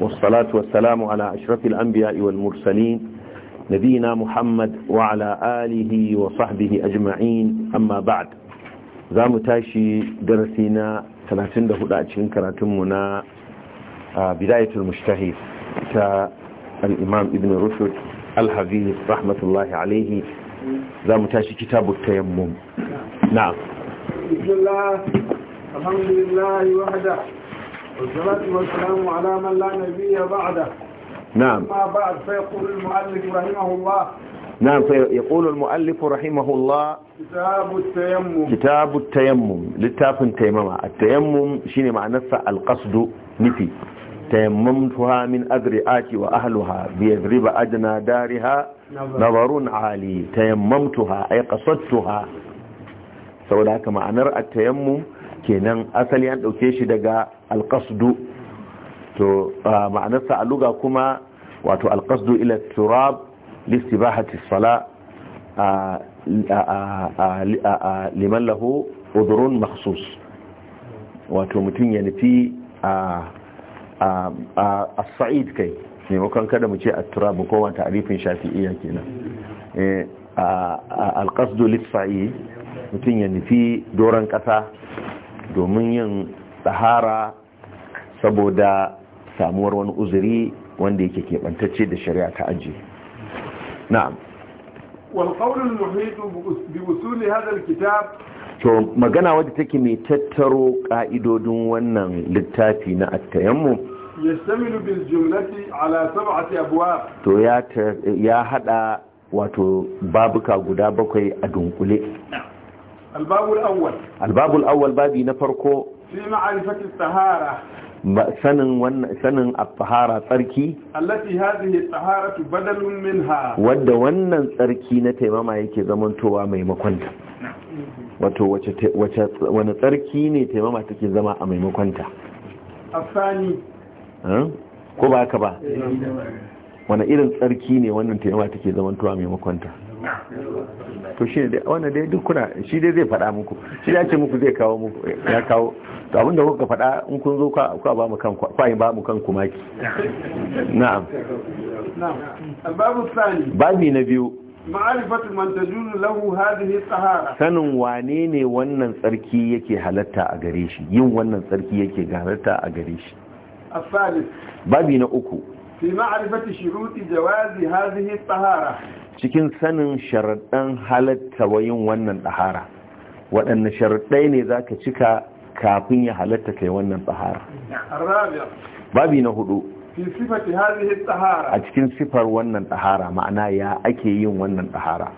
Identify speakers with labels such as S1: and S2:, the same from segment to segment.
S1: والصلاة والسلام على أشرف الأنبياء والمرسلين نبينا محمد وعلى آله وصحبه أجمعين أما بعد za mu tashi darasi na hudu a cikin mu na bidayatul mushtahi ta al'imam ibnu rushd al-hafiz rahmatullahi alaihi za mu tashi kitabu tayammum na'am
S2: والصلاة والسلام على من لا نبي بعده نعم ما بعد فيقول المؤلف رحمه الله نعم
S1: فيقول المؤلف رحمه الله
S2: كتاب التيمم
S1: كتاب التيمم لتاف تيمم التيمم شيني مع معنى القصد نفي تيممتها من أذرئات وأهلها بيذرب أجنى دارها نظر عالي تيممتها أي قصدتها سوداك ذاك معنى التيمم kenan أسلي أن أكيش دقاء alƙasdu to ma'anarsa a luga kuma wato alƙasdu ila turab listibahati sala liman lahu udurun maksus wato mutum ya nufi a sa'id kai maimakon kada mu ce a turab ko wata arifin shafi'iyya kenan e, alƙasdu sa'id mutum ya nufi doron ƙasa domin yin tsahara saboda samuwar wani uzuri wanda yake keɓantacce da shari'a ta aji na'am
S2: walƙaunin muhitu bi usuli hadar kitab
S1: to magana wadda take mai tattaro ƙa'idodin wannan littafi na attayammu
S2: yastamilu bil jumlati ala sab'ati abwab
S1: to ya ya hada wato babuka guda bakwai a dunkule
S2: albabul awwal
S1: albabul awwal babi na farko
S2: fi ma'arifati tahara
S1: sanin wannan sanin at-tahara tsarki
S2: allati hadhihi at-taharatu badalun minha wanda
S1: wannan tsarki na taimama yake zamantowa maimakon wato wace wace wani tsarki ne taimama take zama a maimakon ta
S2: afani
S1: ko ba haka ba wani irin tsarki ne wannan taimama take zamantowa maimakon ta to shi ne wannan dai duk kuna shi dai zai faɗa muku shi ya ce muku zai kawo muku ya kawo to abinda kuka faɗa in kun zo kwa ba mu kanku kwa ba mu kanku maki
S2: na'am babu sani
S1: babi na biyu
S2: ma'arifatu man tajuzu lahu hadhihi tahara
S1: sanin wane ne wannan tsarki yake halatta a gare shi yin wannan tsarki yake halatta a gare shi babi na uku
S2: fi ma'arifati shuruti jawazi hadhihi tahara
S1: cikin sanin sharaɗin halatta wa yin wannan ɗahara waɗanne sharaɗai ne za ka cika kafin ya halatta kai wannan ɗahara babi na hudu
S2: a
S1: cikin sifar wannan ɗahara ma'ana ya ake yin wannan ɗahara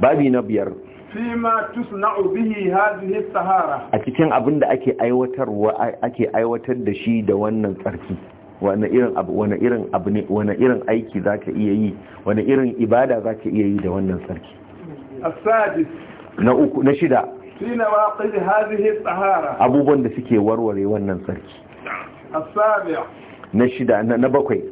S1: babi na biyar fima a cikin abin da ake aiwatar da shi da wannan tsarki wani irin abu wani irin abu ne wani irin aiki zaka iya yi wani irin ibada zaka iya yi da wannan sarki
S2: as-sadis
S1: na uku na shida
S2: sina waqid hadhihi at-tahara
S1: abubuwan da suke warware wannan sarki
S2: as-sabi'
S1: na shida na bakwai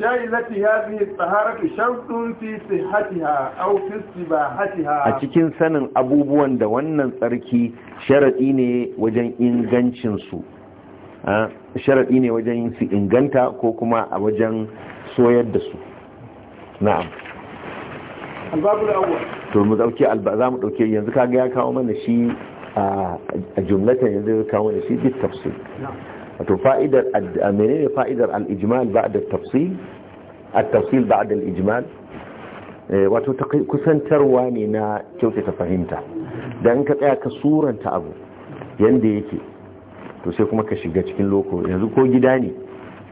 S2: shayi lati hadhihi at-taharatu shartun fi sihhatiha aw fi istibahatiha a
S1: cikin sanin abubuwan da wannan tsarki sharadi ne wajen ingancin su sharaɗi ne wajen su inganta ko kuma a wajen soyar da su na'am to mu dauke za mu dauke yanzu kaga ya kawo mana shi a jumlatan yanzu ya kawo mana shi bit tafsi. wato fa'idar a menene fa'idar al'ijimal ba da tafsi? a tafsil ba da al'ijimal eh, wato kusantarwa ne na kyautata fahimta don ka tsaya ka suranta abu yanda yake to sai kuma ka shiga cikin loko yanzu ko gida ne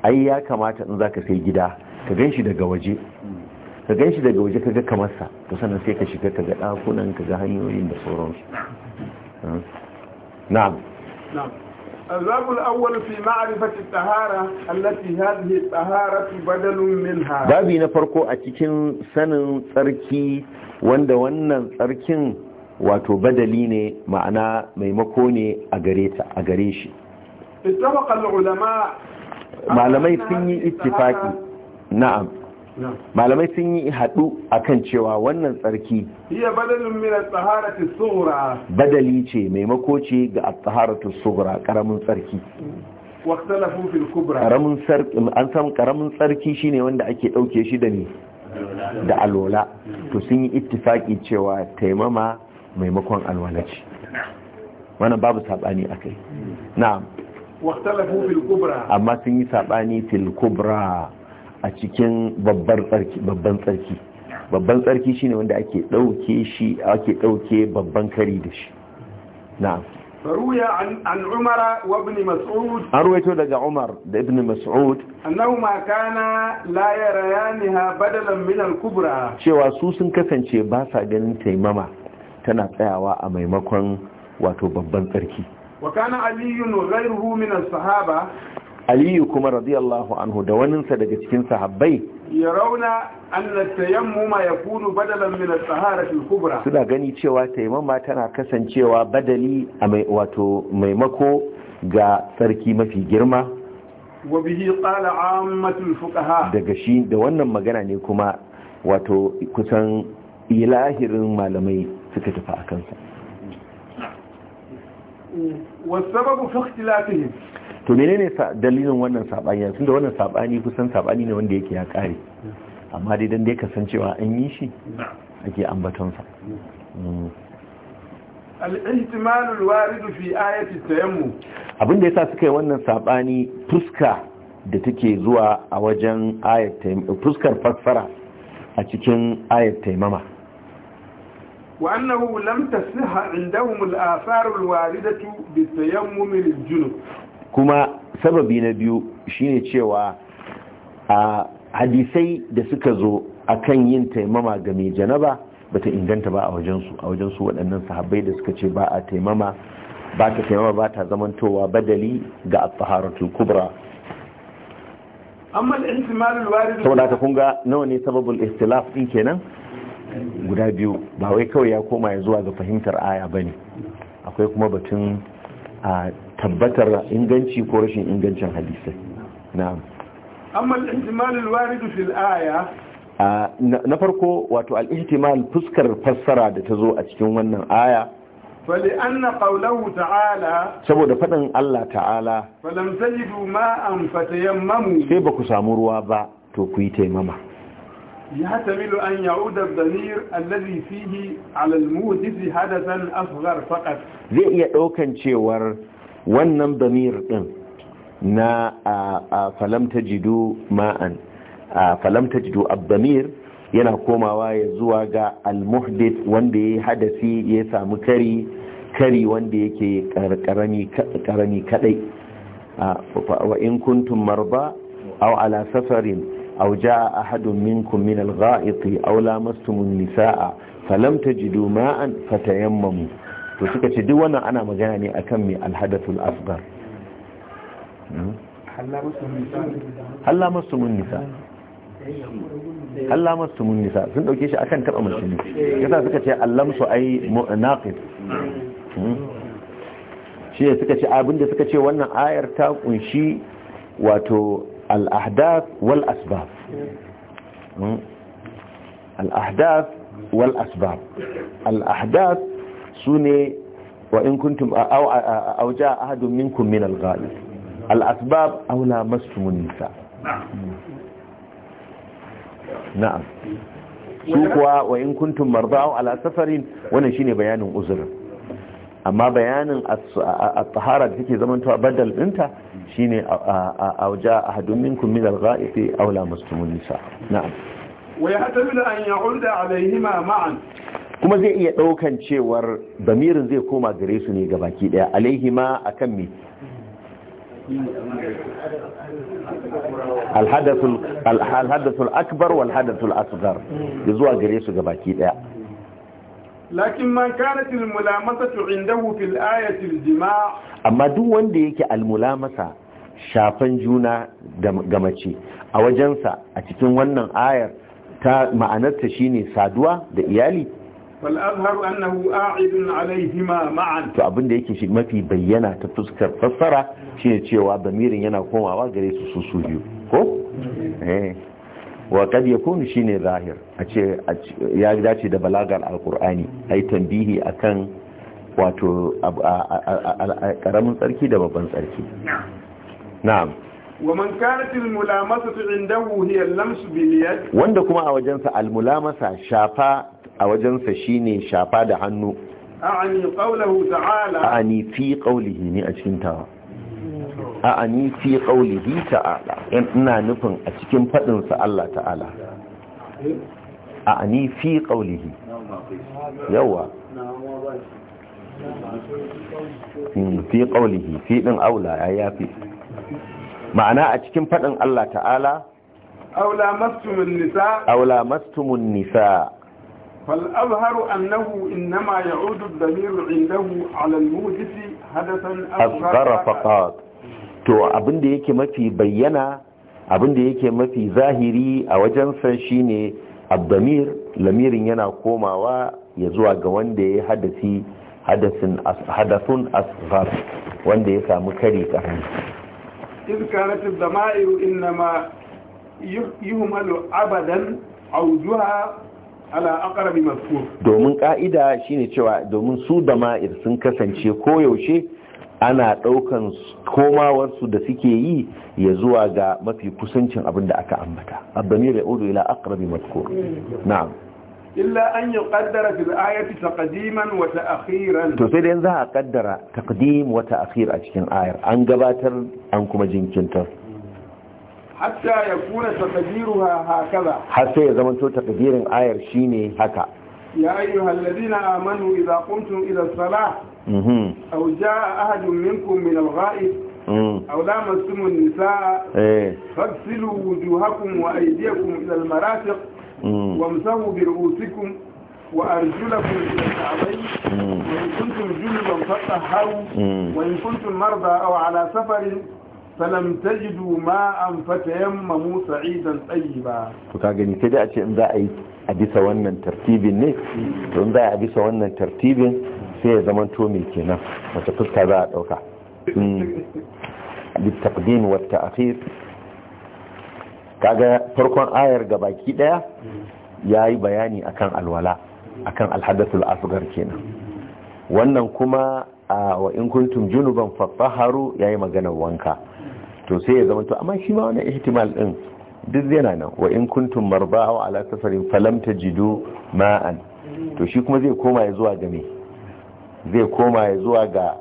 S1: ai ya kamata in zaka sai gida ka gan shi daga waje ka gan shi daga waje ka ga kamarsa to sannan sai ka shiga ka ga ɗakunan ka ga hanyoyin da sauransu na'am
S2: الباب الأول في معرفة الطهارة التي هذه الطهارة بدل منها بابي
S1: نفرقو أتكين سنن تركي وند ونن تركين wato badali ne ma'ana maimako ne a gare ta a gare shi malamai sun yi ittifaki na'am malamai sun yi haɗu akan cewa wannan tsarki
S2: iya badalin min taharati sughra
S1: badali ce mai makoci ga at-taharatu sughra karamin tsarki
S2: fil kubra karamin
S1: tsarki an san karamin tsarki shine wanda ake dauke shi da ni da alwala to sun yi ittifaki cewa taimama maimakon alwala ce wannan babu sabani akai na'am
S2: واختلفوا في الكبرى
S1: أما سنجي ساباني في الكبرى أتكين ببان تركي ببان تركي babban tsarki shine wanda ake dauke shi ake dauke babban kari da shi na'am
S2: faruya an umara wa ibn mas'ud an
S1: ruwaito daga umar da ibn mas'ud
S2: annahuma kana la yarayaniha badalan min al-kubra
S1: cewa su sun kasance ba sa ganin taimama tana tsayawa a maimakon wato babban tsarki
S2: wa Aliyu aliyun wa ghayruhu sahaba aliyu kuma
S1: ra'ziyallahu anhu da waninsa daga cikin sahabbai
S2: yarawna anna tayammuma yakunu badalan min as-sahara al-kubra
S1: suna gani cewa tayammuma tana kasancewa badali a mai maimako ga tsarki mafi girma
S2: wa bihi qala ammatul fuqaha
S1: daga shi da wannan magana ne kuma wato kusan ilahirin malamai suka tafi akan sa
S2: wasababu fi ikhtilafihim
S1: to menene dalilin wannan sabani tun da wannan sabani kusan sabani ne wanda yake ya kare amma dai dan dai kasancewa an yi shi ake ambaton sa mm.
S2: al al warid fi ayati tayammum
S1: da yasa suka yi wannan sabani fuska da take zuwa a wajen ayat fuskar fassara a cikin ayat tayammum
S2: وأنه لم تصح عندهم الآثار الواردة بالتيمم للجنوب
S1: كما سبب نبيو شيني تشيوا hadisai da suka zo akan yin taimama ga janaba bata inganta ba a wajensu a wajensu waɗannan sahabbai da suka ce ba a taimama ba ta taimama ba ta zamantowa badali ga at-taharatul kubra
S2: amma al-ihtimal al-warid saboda ka
S1: kunga nawa ne sababul istilaf din kenan guda biyu ba wai kawai ya koma ya zuwa ga fahimtar aya ba ne akwai kuma batun a tabbatar inganci ko rashin ingancin hadisai Na
S2: amma al-ihtimal al da fil aya na farko wato
S1: al-ihtimal fuskar fassara da ta zo a cikin wannan aya
S2: Fali anna قوله ta'ala.
S1: saboda fadin Allah ta'ala
S2: falam tajidu ma'an fatayammamu sai
S1: ba ku samu ruwa ba to ku yi taimama
S2: يحتمل أن يعود الضمير الذي فيه على الموجز حدثا أصغر فقط زي إيه
S1: أوكن شوار ونم ضمير na فلم تجدوا ma'an فلم تجدوا الضمير yana komawa ya zuwa ga almuhdith wanda ya yi hadasi ya samu kari kari wanda yake karami kadai wa in kuntum marba ala safarin أو جاء أحد منكم من الغائط أو لامستم النساء فلم تجدوا ماء فتيمموا to suka ce duk wannan ana magana ne akan mai alhadathul asghar halla masumun nisa halla masumun nisa sun dauke shi akan taba mace ne yasa suka ce allamsu ai naqid shi suka ce abinda suka ce wannan ayar ta kunshi wato الأحداث والأسباب الأحداث والأسباب الأحداث سني وإن كنتم أو, أو جاء أحد منكم من الغالب الأسباب أو لامستم النساء نعم su وإن كنتم in على سفر ونشيني بيان أزرق amma bayanin a tsahara da take zaman tawa badal dinta shine a wajen a minkum min al aula masu la muslimun nisa na'am
S2: wa yahtamil an ya'uda alayhima ma'an
S1: kuma zai iya daukan cewar damirin zai koma gare su ne gabaki daya alayhima akan me al-hadathul al akbar walhadasul Asgar asghar zuwa gare su gabaki daya
S2: lakin man kanat almulamasatu indahu fil ayati aljima'
S1: amma duk wanda yake almulamasa shafan juna ga mace a wajensa a cikin wannan ayar ta ma'anarta shine saduwa da iyali
S2: wal azharu annahu a'idun alayhima ma'an
S1: to abin da yake shi mafi bayyana ta fuskar fassara shine cewa bamirin yana komawa gare su su biyu ko eh waƙad ya kunu shi ne zahir a ce ya dace da balagar alƙur'ani a yi tambihi a kan wato ƙaramin tsarki da babban tsarki na'am
S2: Wa waman karfin mulamasa su inda huhiyar lamsu biliyar wanda
S1: kuma a wajensa almulamasa shafa a wajensa shi ne shafa da hannu
S2: a ani ƙaunahu ta'ala a
S1: ni fi ƙaunihi ni a cikin tawa أعني في قوله تعالى إنا نفن أتكين فتن الله تعالى أعني في قوله يوى في قوله في من أولى يا في معنى a فضل الله تعالى
S2: أولى مستم النساء
S1: أولى مستم النساء
S2: فالأظهر أنه إنما يعود الضمير عنده على الموجس حدثا أصغر فقط
S1: to abin da yake mafi bayyana abin da yake mafi zahiri a wajensa shine abdamir lamirin yana komawa ya zuwa ga wanda ya hadasi hadasun asfar wanda ya samu kare ta hannu
S2: adh-dhamair inma yuhmalu abadan awjuha ala aqrab mazkur
S1: domin ka'ida shine cewa domin su dama'ir sun kasance koyaushe ana ɗaukan komawarsu da suke yi ya zuwa ga mafi kusancin abin da aka ambata abdamir da udu ila aqrabi mazkur na'am
S2: illa an yuqaddara fil ayati taqdiman wa ta'khiran to sai
S1: dai za a kaddara taqdim wa ta'khir a cikin ayar an gabatar an kuma jinkintar
S2: hatta kuna taqdiruha hakaza har sai ya
S1: zamanto taqdirin ayar shine haka
S2: ya ayyuhal ladina amanu idza qumtum ila salah أو جاء أحد منكم من الغائب أو لامستم النساء إيه. فاغسلوا وجوهكم وأيديكم إلى المرافق وامسحوا برؤوسكم وأرجلكم إلى الكعبين وإن كنتم جنبا فطهروا وإن كنتم مرضى أو على سفر فلم تجدوا ماء فتيمموا سعيدا طيبا
S1: وكاجن كده أشياء إن ذا أي أبيس ترتيب النفس وإن ذا أبيس ترتيب sai ya zama to mai kenan wata fuska za a ɗauka littafin wata afir kaga farkon ayar ga baki ɗaya ya yi bayani akan alwala akan alhadatul asgar kenan wannan kuma a wa in kuntum junuban ya yayi maganar wanka to sai ya zama to amma shi ma wannan ihtimal din duk yana nan wa in kuntum marba'a ala safarin falam tajidu ma'an to shi kuma zai koma ya zuwa ga me zai koma ya zuwa ga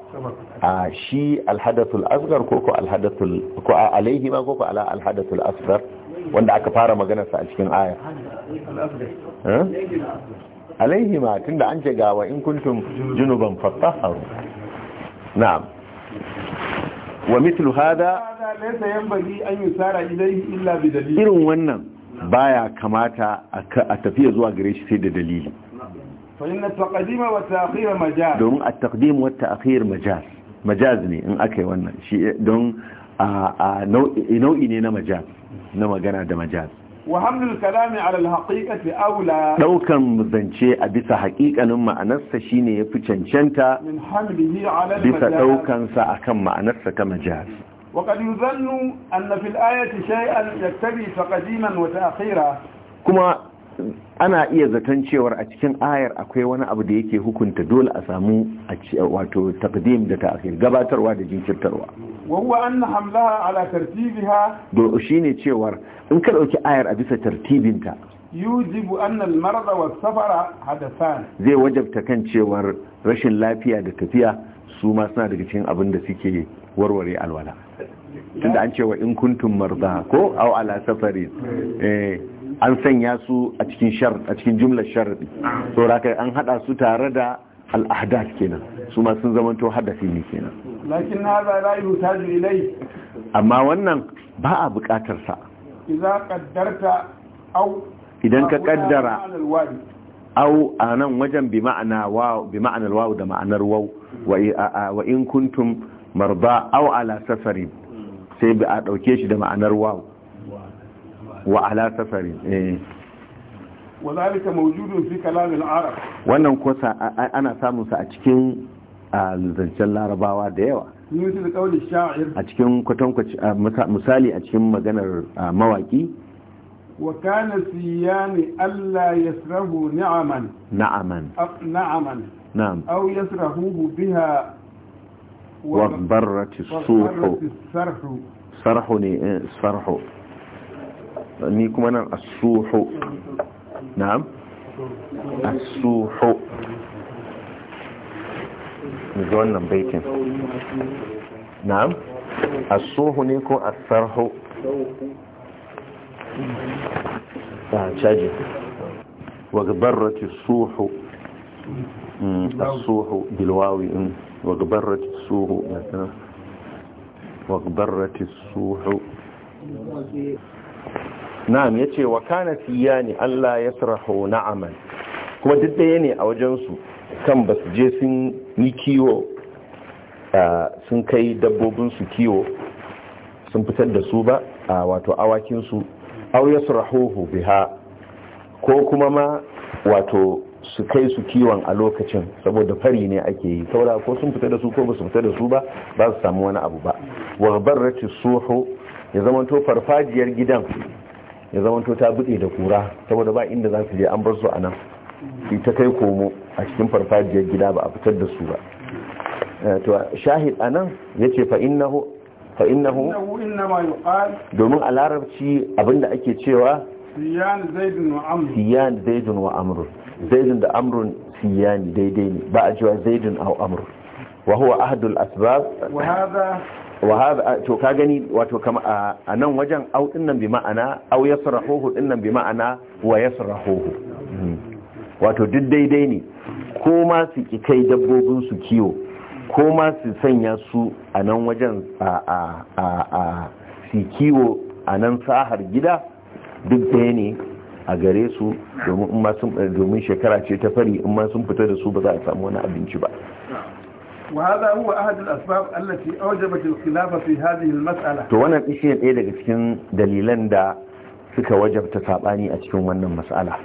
S1: a shi Alhadatul asgar ko ko alhadathul ko alaihi ma ko ko ala alhadatul asgar wanda aka fara magana sa a cikin aya alaihi ma tunda an ce gawa in kuntum junuban fatahharu na'am wa mithlu hada
S2: laysa yanbaghi an yusara ilayhi illa bi dalil irin wannan
S1: baya kamata a tafiya zuwa gare shi sai da dalili
S2: فإن التقديم والتأخير مجاز دون
S1: التقديم والتأخير مجاز مجاز ne in akai wannan shi don nau'i ne na majaz na magana da majaz
S2: wa hamlul kalami ala alhaqiqati aula
S1: daukan zance a bisa haƙiƙanin ma'anarsa shine yafi cancanta
S2: min hamlihi ala bisa daukan
S1: sa akan ma'anarsa ta majaz
S2: وقد يظن أن في الآية شيئا يكتبي تقديما وتأخيرا
S1: كما ana iya zaton cewar a cikin ayar akwai wani abu da yake hukunta dole a samu wato takdim da ta'khir gabatarwa da jinkirtarwa
S2: wawa anna hamlaha ala tartibiha
S1: do shine cewar in ka dauki ayar a bisa tartibinta
S2: yujibu anna al-marad wa safara hadathan
S1: zai wajabta kan cewar rashin lafiya da tafiya su ma suna daga cikin abin da suke warware alwala tunda an cewa in kuntum marda ko aw ala safarin eh an sanya su a cikin shar a cikin jumlar sharadi saboda haka an hada su tare da al'adas kenan su ma sun to hadafi ne kenan
S2: lakin hada la ta ilai
S1: amma wannan ba a bukatar sa
S2: idan kaddarta au idan ka kaddara
S1: au a nan wajen bi ma'ana waw bi ma'anar waw da ma'anar waw wa in kuntum marba au ala safarin sai bi a dauke shi da ma'anar waw wa ala safari eh
S2: wazalika mawjudun fi kalam al-arab
S1: wannan ko ana samun sa a cikin zancen larabawa da yawa a cikin kwatankwaci misali a cikin maganar mawaki
S2: wa kana siyani alla yasrahu ni'aman na'aman na'aman na'am aw yasrahu biha
S1: wa barrat as-suhu sarhu sarhu ni eh, sarhu ni kuma nan asuhu na'am asuhu ga wannan baitin na'am asuhu ne ko asarhu ta caji wagbarrati suhu الصوح بالواو وغبرت الصوح مثلا وغبرت الصوح na'am yace wa kana siyani Allah yasrahu na'aman kuma duk da ne a wajen su kan basu je sun yi kiwo sun kai dabbobin su kiwo sun fitar da su ba wato awakin su aw yasrahuhu biha ko kuma ma wato su kai su kiwon a lokacin saboda fari ne ake yi saboda ko sun fita da su ko ba su fita da su ba ba su samu wani abu ba warbarrati suhu ya zama to farfajiyar gidan ya zamanto ta buɗe da kura saboda ba inda za su je an bar su a nan ita kai komo a cikin farfajiyar gida ba a fitar da su ba eh, to shahid a nan ya ce domin a larabci abinda ake cewa siyan zaidun wa amrun zaidun da amrun siyani daidai ne ba a cewa zaidun a amrun wa huwa ahadul asbab to ka gani wato a nan wajen au dinnan bi ma'ana au yasrahuhu dinnan bi ma'ana wa yasrahuhu hmm. wato duk daidai ne ko ma su ki kai dabbobin su kiwo ko ma su sanya su a nan wajen a a a su kiwo a nan sahar gida duk ɗaya ne a gare su domin shekara ce ta fari in ma sun fita da su ba za a samu wani abinci ba
S2: وهذا هو أحد الأسباب التي أوجبت الخلاف في هذه المسألة to wannan
S1: ishe ɗaya daga cikin dalilan da suka wajabta sabani a cikin wannan mas'ala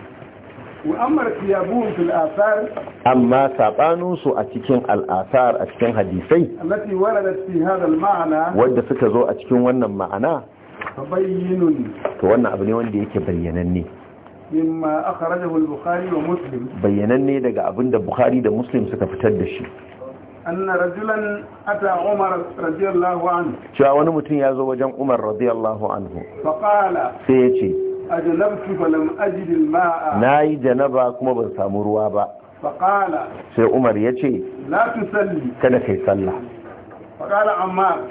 S2: wa amma khiyabun fil athar
S1: amma sabanun su a cikin al'asar a cikin hadisai
S2: allati waradat fi hadha al ma'na wanda
S1: suka zo a cikin wannan ma'ana
S2: bayyinun
S1: to wannan abu ne wanda yake bayyananne
S2: mimma akhrajahu al-bukhari wa muslim
S1: bayyananne daga abinda bukhari da muslim suka fitar da shi
S2: anna rajulan ata umar radiyallahu anhu
S1: cewa wani mutum ya zo wajen umar radiyallahu sai ya ce
S2: ajnabtu falam ajid
S1: kuma ban samu ruwa ba
S2: faqala
S1: sai umar ya ce kada kai sallah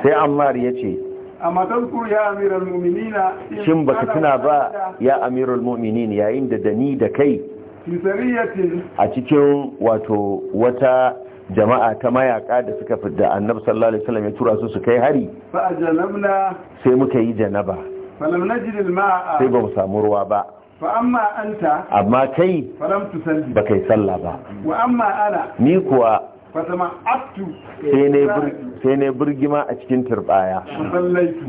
S1: sai ammar ya ce
S2: amma ya amiral mu'minina shin baka tuna ba
S1: ya amiral mu'minin yayin da dani da kai a cikin wato wata jama'a ta mayaka da suka fidda annabi sallallahu alaihi wasallam ya tura su su kai hari
S2: fa ajanabna
S1: sai muka yi janaba
S2: najid sai
S1: ba mu samu ruwa ba
S2: fa amma anta amma kai
S1: tusalli ba kai sallah ba
S2: wa amma ana
S1: ni kuwa
S2: fatama'attu
S1: sai ne burgima a cikin turbaya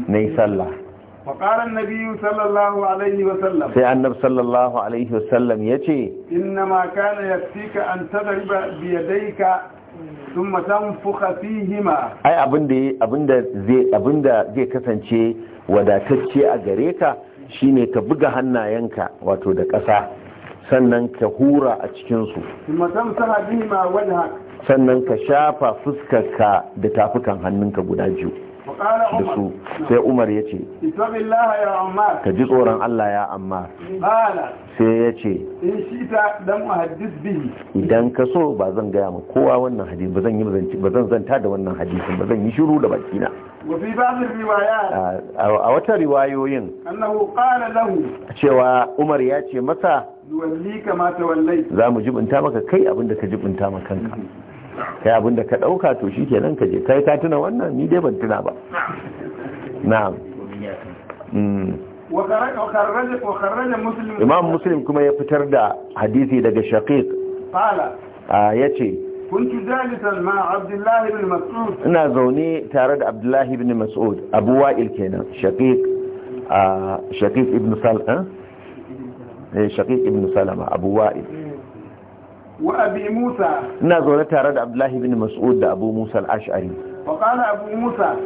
S1: na yi sallah
S2: فقال النبي صلى الله عليه وسلم سي
S1: النب صلى الله عليه وسلم يتي
S2: إنما كان يكفيك أن تضرب بيديك thumma tanfukha fihima
S1: ai abinda abinda zai abinda zai kasance wadatacce a gare ka shine ka buga hannayenka wato da ƙasa sannan ka hura a cikin su
S2: thumma tamsaha bihima wajhak
S1: sannan ka shafa fuskarka da tafukan hannunka guda biyu da su sai umar ya ce ka ji tsoron Allah ya amma sai ya ce idan ka so ba zan gaya ma kowa wannan hadisi ba zan yi ba zan zanta da wannan hadisin ba zan yi shiru da bakina a wata riwayoyin cewa umar ya ce masa za mu jibinta maka kai abinda ka jibinta ma kanka kai abinda ka dauka to shi nan ka je kai ka tuna wannan ni dai ban tuna ba na'am mm. imam muslim kuma ya fitar da hadisi daga shaqiq ya ce
S2: kuntu jalisan ma abdullahi bin mas'ud ina zaune
S1: tare da abdullahi bin mas'ud abu wa'il kenan shaqiq shaqiq ibn salama eh? eh, shaqiq ibn salama abu wa'il
S2: wa abi musa
S1: ina zaune tare da abdullahi bin mas'ud da abu musa Al'ashari. ashari
S2: abu musa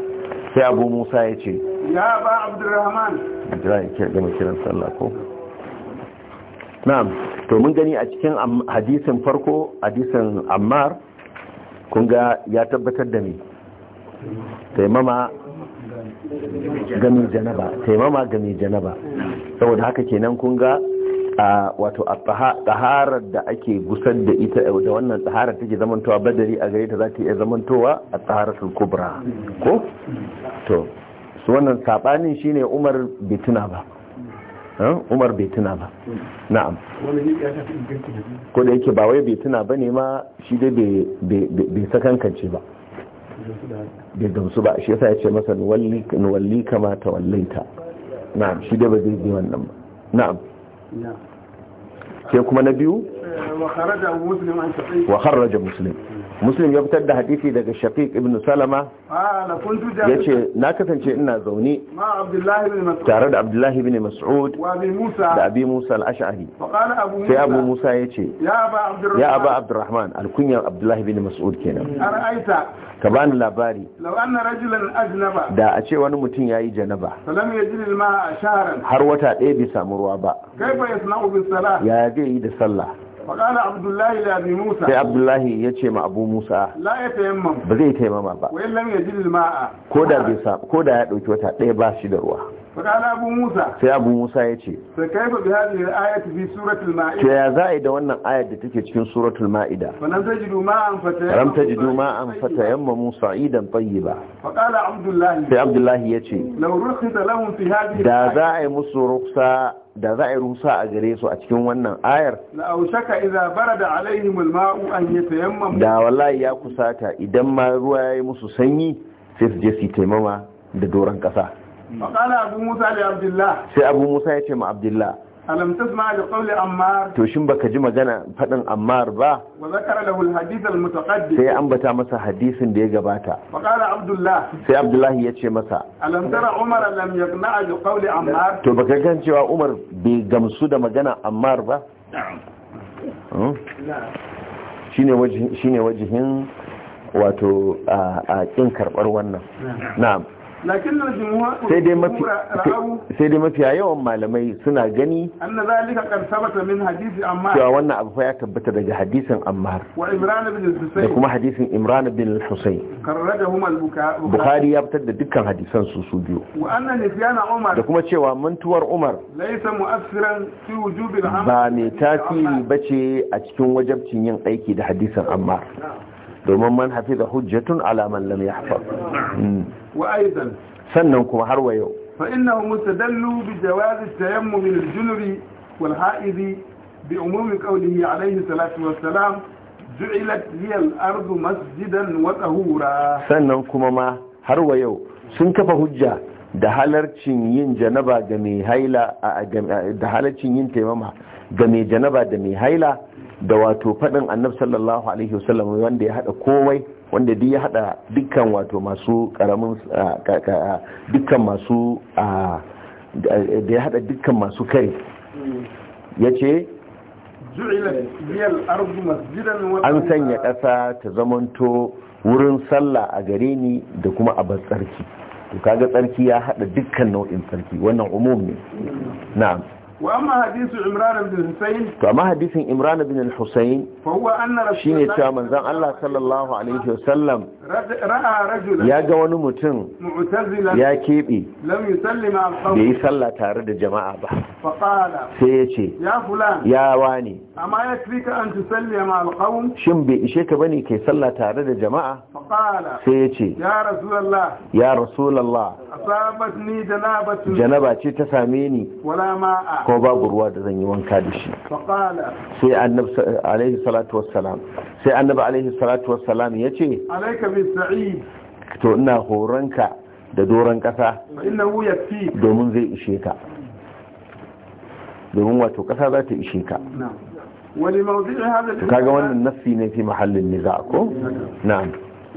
S1: sai abu musa ya ce
S2: ya ba abdurrahman
S1: abdullahi ya gama kiran sallah ko na'am to mun gani a cikin hadisin farko hadisin ammar kun ga ya tabbatar da ni taimama gami janaba taimama gami janaba saboda haka kenan kun ga a wato a taharar da ake gusar da ita da wannan taharar take zamantowa badari a gare ta za ta iya zamantowa a tsaharar sulkubra ko to su wannan sabanin shine Umar bai ba Umar bai ba na'am ko da yake ba wai bai ba ne ma shi dai bai sakankance ba bai gamsu ba shi yasa ya ce masa nuwalli kama ta wallaita na'am shi dai ba zai je wannan ba na'am كي نبيو
S2: وخرج مسلم وخرج
S1: مسلم muslim ya fitar da hadisi daga shafiq ibn salama ya ce na kasance ina zaune tare da abdullahi ibn mas'ud da abi musa al-ash'ari sai abu musa ya ce ya aba abdurrahman alkunyar abdullahi ibn mas'ud kenan ka bani labari da a ce wani mutum ya yi janaba har wata ɗaya bai samu ruwa ba ya zai yi da sallah
S2: faƙala abdullahi da abi musa sai
S1: abdullahi ya ce ma abu musa
S2: ba zai
S1: tayammama ba ko da ya dauki wata ɗaya ba shi da ruwa
S2: faƙala abu musa
S1: sai abu musa ya ce
S2: sai kaifa ya
S1: da wannan ayat da take cikin suratul ma'ida
S2: falam tajidu ma'an fatayammam falam tajidu ma'an fatayammamu
S1: sa'idan tayyiba
S2: faƙala abdullahi sai abdullahi ya ce law rukhsita lahum fi hadhihi da za'i
S1: musu ruksa da za a yi rusa a gare su a cikin wannan ayar
S2: la'aushaka idza da alaihim alma'u an yatayammam
S1: da wallahi ya kusata idan ma ruwa yayi musu sanyi sai su je su taimama da doron kasa
S2: abu musa li abdullah
S1: sai abu musa ya ce ma abdullah
S2: alam tasma li qawli ammar
S1: to shin baka ji magana fadin ammar ba
S2: wa zakara lahu alhadith almutaqaddim sai ambata
S1: masa hadisin da ya gabata
S2: qala abdullah
S1: sai abdullah ya ce masa
S2: alam tara umar lam yaqna li qawli ammar to
S1: baka gan cewa umar bai gamsu da magana ammar ba hmm? shine wajihin shine wajihin wato a kin karbar wannan na'am
S2: sai dai
S1: mafiya yawan malamai suna gani cewa wannan abu fa ya tabbata daga hadisin ammar da kuma hadisin imran bin husayn bukhari ya fitar da dukkan hadisan su su biyu da kuma cewa mantuwar umar
S2: ba mai tasiri
S1: bace a cikin wajabcin yin aiki da hadisin ammar domin man hafiza hujjatun ala man lam yahfaz tayammum سننكم
S2: junubi wal فإنهم bi umumi qawlihi alayhi salatu والحائض بأمور قوله عليه الصلاة والسلام جعلت لي الأرض
S1: sun kafa hujja da halarcin yin janaba ga mai haila da halarcin yin taimama ga mai janaba da mai haila da wato faɗin annab sallallahu alaihi wasallam wanda ya haɗa komai wanda ya hada dukkan wato masu karamin dukkan masu da ya hada dukkan masu kare hmm. ya ce an sanya ƙasa ta zamanto wurin sallah a gare ni da kuma a tsarki to kaga tsarki ya hada dukkan nau'in tsarki wannan umum ne
S2: hmm. na'am wa mahadisin hadisu imran bin husayn
S1: to amma hadisin imran bin husayn
S2: shine cewa manzon
S1: Allah sallallahu ya ga wani mutum
S2: ya keɓe lam yusallima
S1: al tare da jama'a ba sai ya ce
S2: ya ya wani amma ya an
S1: shin bai ishe ka bane kai sallah tare da jama'a
S2: sai ya ce ya rasulallah. ya janabatu janaba
S1: ce ta same ni
S2: wala ma'a ko
S1: babu ruwa da zan yi wanka da shi sai annabi alaihi salatu wassalam sai annabi alaihi salatu wassalam ya ce alayka bis to ina horonka da doron kasa domin zai ishe ka domin wato kasa za ta ishe ka
S2: kaga
S1: wannan nassi ne fi mahallin niza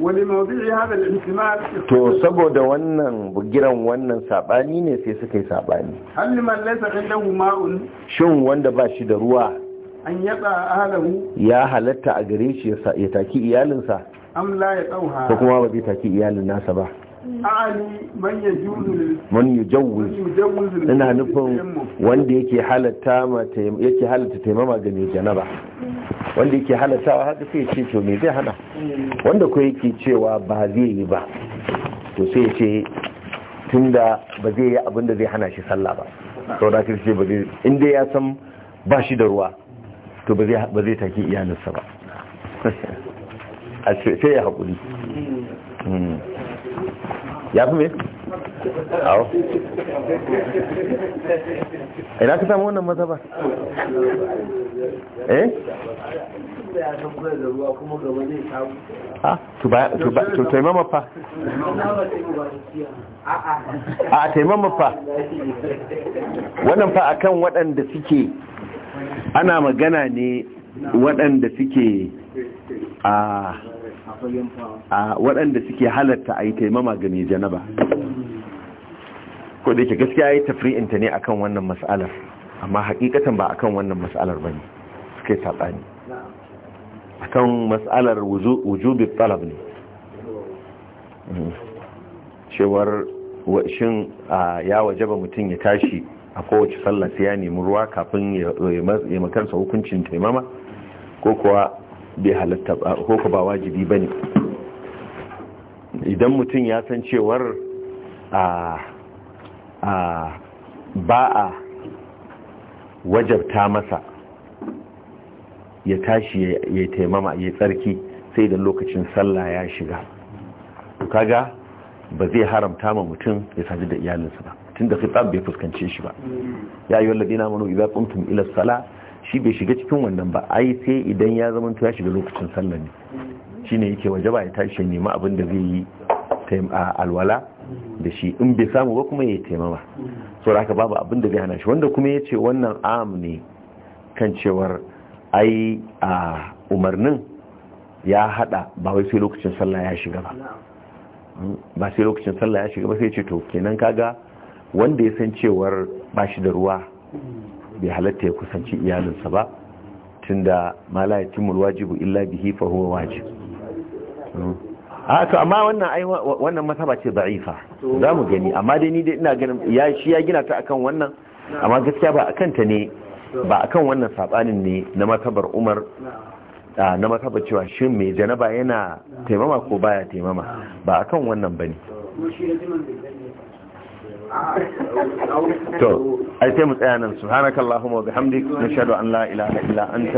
S2: هذا الاحتمال تو
S1: saboda wannan bugiran wannan sabani ne sai suka yi sabani
S2: hal man laysa indahu ma'un
S1: shin wanda ba shi da ruwa
S2: an yatsa ahalahu
S1: ya halatta a gare shi ya taki iyalinsa
S2: am la ya tauha ko kuma
S1: ba zai taki iyalin nasa ba
S2: man
S1: jawul ina nufin wanda yake halatta mata yake halatta taimama ga mai janaba wanda yake halattawa haka sai ce to me zai hana wanda ko yake cewa ba zai yi ba to sai ce tunda ba zai yi abin da zai hana shi sallah ba sau da aka ce ba zai inda ya san ba shi da ruwa to ba zai take iyalinsa ba a sai ya haƙuri ya fi me? awo ina ka samu wannan mazaba? eh? Ah, to taimama fa a ah, ah, taimama fa wannan fa akan waɗanda suke ana magana ne waɗanda suke a a waɗanda suke halatta a yi taimama ga mai janaba ko da ke gaskiya ya yi tafri'inta ne akan wannan mas'alar amma hakikatan ba akan wannan mas'alar ba ne suka yi saɓani kan mas'alar wujubi talab ne mm. cewar shin ya ba mutum ya tashi a kowace sallah sai ya nemi ruwa kafin ya makarsa hukuncin taimama ko kuwa bai halatta ko ba wajibi ba ne idan mutum ya san cewar ba a wajabta masa ya tashi ya taimama ya tsarki sai da lokacin sallah ya shiga kaga ba zai haramta ma mutum ya sadu da iyalinsa ba tun da khitab bai fuskance shi ba ya yi wallabi na manu idan kuntum ila sala shi bai shiga cikin wannan ba ai sai idan ya zama ya shiga lokacin sallah ne shine yake waje ba ya tashi ya nemi abin da zai yi alwala da shi in bai samu ba kuma ya taimama saboda haka babu abinda zai hana shi wanda kuma ya ce wannan am ne kan cewar ai a umarnin ya hada ba wai sai lokacin sallah ya shiga ba hmm? ba sai lokacin sallah ya shiga ba sai ce to kenan kaga wanda ya san cewar ba shi da ruwa bai halatta ya kusanci iyalinsa ba tunda ma la yatimul wajibu illa bihi fa huwa wajib hmm. a ah, to amma wannan ai wannan masaba ce da'ifa za mu gani amma dai ni dai ina ganin ya shi ya gina ta akan wannan amma gaskiya ba akan ta ne ba akan wannan sabanin ne na masabar Umar na masabar cewa shin mai janaba yana taimama ko baya taimama ba akan wannan bane
S2: to ai
S1: sai mu tsaya nan subhanakallahumma wa bihamdik nashhadu an la ilaha illa anta